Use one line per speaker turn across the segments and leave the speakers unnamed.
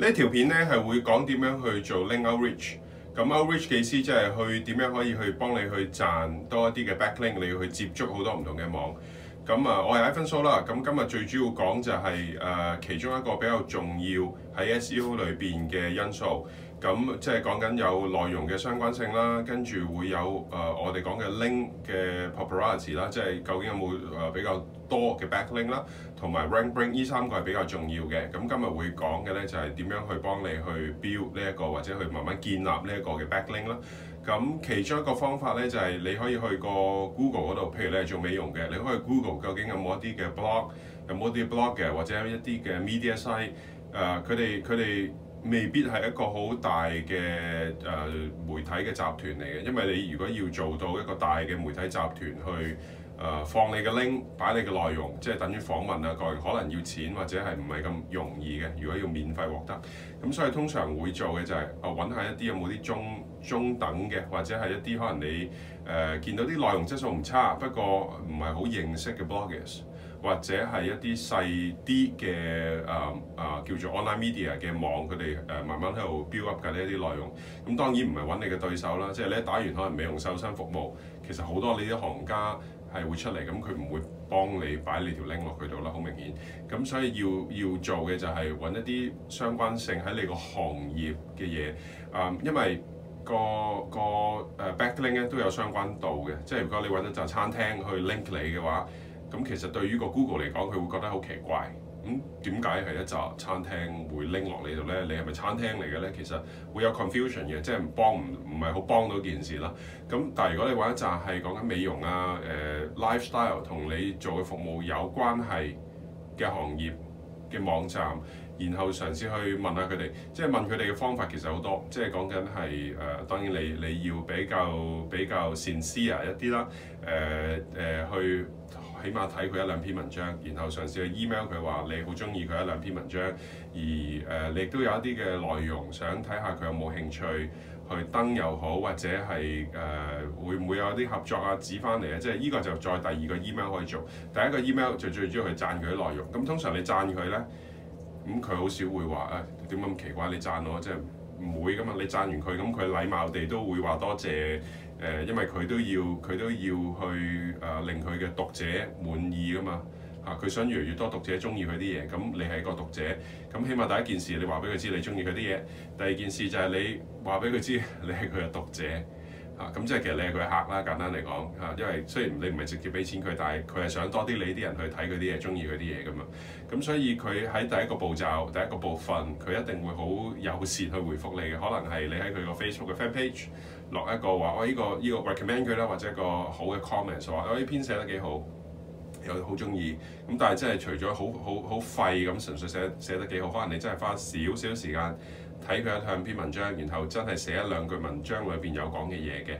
呢條片咧係會講點樣去做 Link Outreach，咁 Outreach 嘅意思即係去點樣可以去幫你去賺多一啲嘅 Backlink，你要去接觸好多唔同嘅網。咁啊，我係 iPhone s h 啦。咁今日最主要講就係、是、誒、呃、其中一個比較重要喺 SEO 裏邊嘅因素。咁即係講緊有內容嘅相關性啦，跟住會有誒、呃、我哋講嘅 link 嘅 popularity 啦，即係究竟有冇誒比較多嘅 backlink 啦，同埋 RankBrain 呢三個係比較重要嘅。咁今日會講嘅咧就係、是、點樣去幫你去 build 呢、這、一個或者去慢慢建立呢一個嘅 backlink 啦。咁其中一個方法咧就係、是、你可以去個 Google 度，譬如你係做美容嘅，你可以 Google 究竟有冇一啲嘅 blog，有冇啲 blog 嘅或者一啲嘅 media site 誒佢哋佢哋。未必係一個好大嘅誒、呃、媒體嘅集團嚟嘅，因為你如果要做到一個大嘅媒體集團去誒、呃、放你嘅 link 擺你嘅內容，即係等於訪問啊，各樣可能要錢或者係唔係咁容易嘅。如果要免費獲得，咁所以通常會做嘅就係啊搵下一啲有冇啲中中等嘅，或者係一啲可能你誒、呃、見到啲內容質素唔差，不過唔係好認識嘅 bloggers。或者係一啲細啲嘅誒誒，叫做 online media 嘅網，佢哋誒慢慢喺度 build up 緊呢一啲內容。咁當然唔係揾你嘅對手啦，即係你一打完可能美容瘦身服務，其實好多呢啲行家係會出嚟，咁佢唔會幫你擺你條 link 落去度啦。好明顯，咁所以要要做嘅就係揾一啲相關性喺你個行業嘅嘢。誒、嗯，因為、個個誒 back link 咧都有相關度嘅，即係如果你揾得就餐廳去 link 你嘅話。咁其實對於個 Google 嚟講，佢會覺得好奇怪。咁點解係一紮餐廳會拎落嚟度咧？你係咪餐廳嚟嘅咧？其實會有 confusion 嘅，即係唔幫唔唔係好幫到件事啦。咁但係如果你揾一紮係講緊美容啊、誒、呃、lifestyle 同你做嘅服務有關係嘅行業嘅網站，然後嘗試去問下佢哋，即係問佢哋嘅方法其實好多，即係講緊係誒。當然你你要比較比較善思啊一啲啦，誒、呃、誒、呃、去。起碼睇佢一兩篇文章，然後嘗試去 email 佢話你好中意佢一兩篇文章，而誒、呃、你亦都有一啲嘅內容想睇下佢有冇興趣去登又好，或者係誒、呃、會唔會有啲合作啊指返嚟啊？即係呢個就再第二個 email 可以做，第一個 email 就最主要係讚佢嘅內容。咁通常你讚佢咧，咁佢好少會話啊點咁奇怪你讚我即係。唔會噶嘛，你讚完佢咁，佢禮貌地都會話多謝誒、呃，因為佢都要佢都要去誒、呃、令佢嘅讀者滿意噶嘛嚇，佢、啊、想越嚟越多讀者中意佢啲嘢，咁你係一個讀者，咁起碼第一件事你話俾佢知你中意佢啲嘢，第二件事就係你話俾佢知你係佢嘅讀者。啊，咁即係其實你係佢客啦，簡單嚟講，嚇，因為雖然你唔係直接俾錢佢，但係佢係想多啲你啲人去睇佢啲嘢，中意佢啲嘢咁啊。咁所以佢喺第一個步驟，第一個部分，佢一定會好友善去回覆你嘅。可能係你喺佢個 Facebook 嘅 Fan Page 落一個話，我、哎、呢、呢個呢、呢個 Recommend 佢啦，或者一個好嘅 Comment 話，我呢篇寫得幾好，又好中意。咁但係即係除咗好好好廢咁，純粹寫寫得幾好，可能你真係花少少時間。睇佢一兩篇文章，然後真係寫一兩句文章裏邊有講嘅嘢嘅，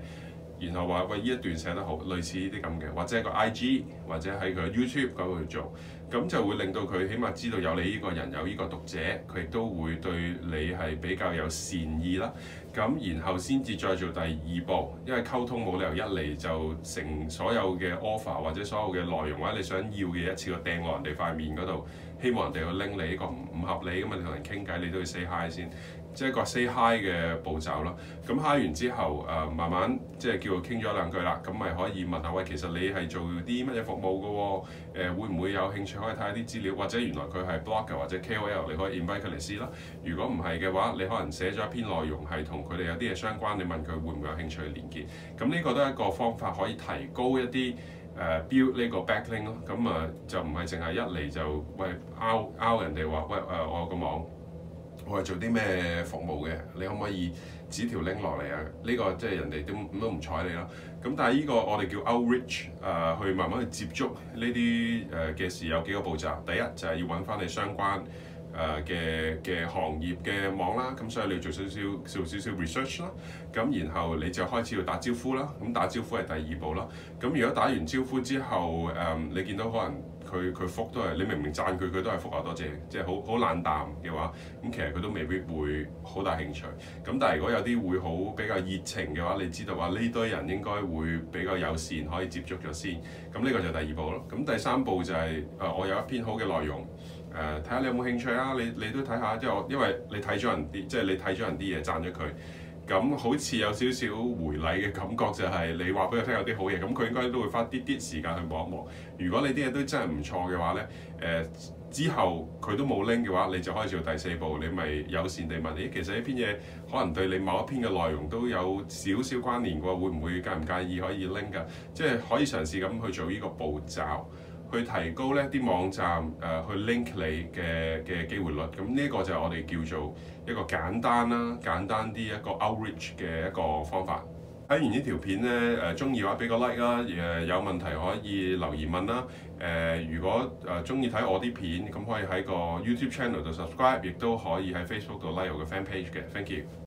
然後話喂，呢一段寫得好，類似呢啲咁嘅，或者係個 IG，或者喺佢 YouTube 嗰度去做，咁就會令到佢起碼知道有你呢個人有呢個讀者，佢亦都會對你係比較有善意啦。咁然後先至再做第二步，因為溝通冇理由一嚟就成所有嘅 offer 或者所有嘅內容或者你想要嘅一次過掟落人哋塊面嗰度，希望人哋去拎你呢個唔唔合理咁啊！同人傾偈你都要 say hi 先。即係個 say hi 嘅步驟咯，咁 hi 完之後，誒、呃、慢慢即係叫佢傾咗兩句啦，咁咪可以問下喂，其實你係做啲乜嘢服務㗎喎？誒、呃、會唔會有興趣可以睇下啲資料？或者原來佢係 blog 或者 KOL，你可以 invite 佢嚟試啦。如果唔係嘅話，你可能寫咗一篇內容係同佢哋有啲嘢相關，你問佢會唔會有興趣連結？咁呢個都係一個方法，可以提高一啲誒 build 呢個 backlink 咯。咁啊就唔係淨係一嚟就喂 Out 人哋話喂誒、呃、我個網。佢係做啲咩服務嘅？你可唔可以紙條拎落嚟啊？呢、這個即係人哋點都唔睬你咯。咁但係呢個我哋叫 outreach，誒、呃、去慢慢去接觸呢啲誒嘅事，呃、有幾個步驟。第一就係、是、要搵返你相關誒嘅嘅行業嘅網啦。咁、啊、所以你要做少少做少少 research 啦、啊。咁然後你就開始要打招呼啦。咁、啊、打招呼係第二步啦。咁、啊、如果打完招呼之後誒、呃，你見到可能～佢佢覆都係你明明讚佢，佢都係覆下多謝，即係好好冷淡嘅話，咁其實佢都未必會好大興趣。咁但係如果有啲會好比較熱情嘅話，你知道話呢堆人應該會比較友善，可以接觸咗先。咁呢個就第二步咯。咁第三步就係誒，我有一篇好嘅內容，誒睇下你有冇興趣啊？你你都睇下，即係我因為你睇咗人啲，即係你睇咗人啲嘢讚咗佢。咁好似有少少回禮嘅感覺就，就係你話俾佢聽有啲好嘢，咁佢應該都會花啲啲時間去望一望。如果你啲嘢都真係唔錯嘅話咧，誒、呃、之後佢都冇拎嘅話，你就可以做第四步，你咪友善地問：咦、哎，其實呢篇嘢可能對你某一篇嘅內容都有少少關聯嘅喎，會唔會介唔介意可以拎㗎？即、就、係、是、可以嘗試咁去做呢個步驟。去提高呢啲網站誒、呃、去 link 你嘅嘅機會率，咁呢一個就係我哋叫做一個簡單啦、啊，簡單啲一,一個 outreach 嘅一個方法。睇完呢條片呢，誒、呃，中意嘅話俾個 like 啦，誒、呃、有問題可以留言問啦。誒、呃、如果誒中意睇我啲片，咁可以喺個 YouTube channel 度 subscribe，亦都可以喺 Facebook 度 like 我嘅 fan page 嘅。Thank you。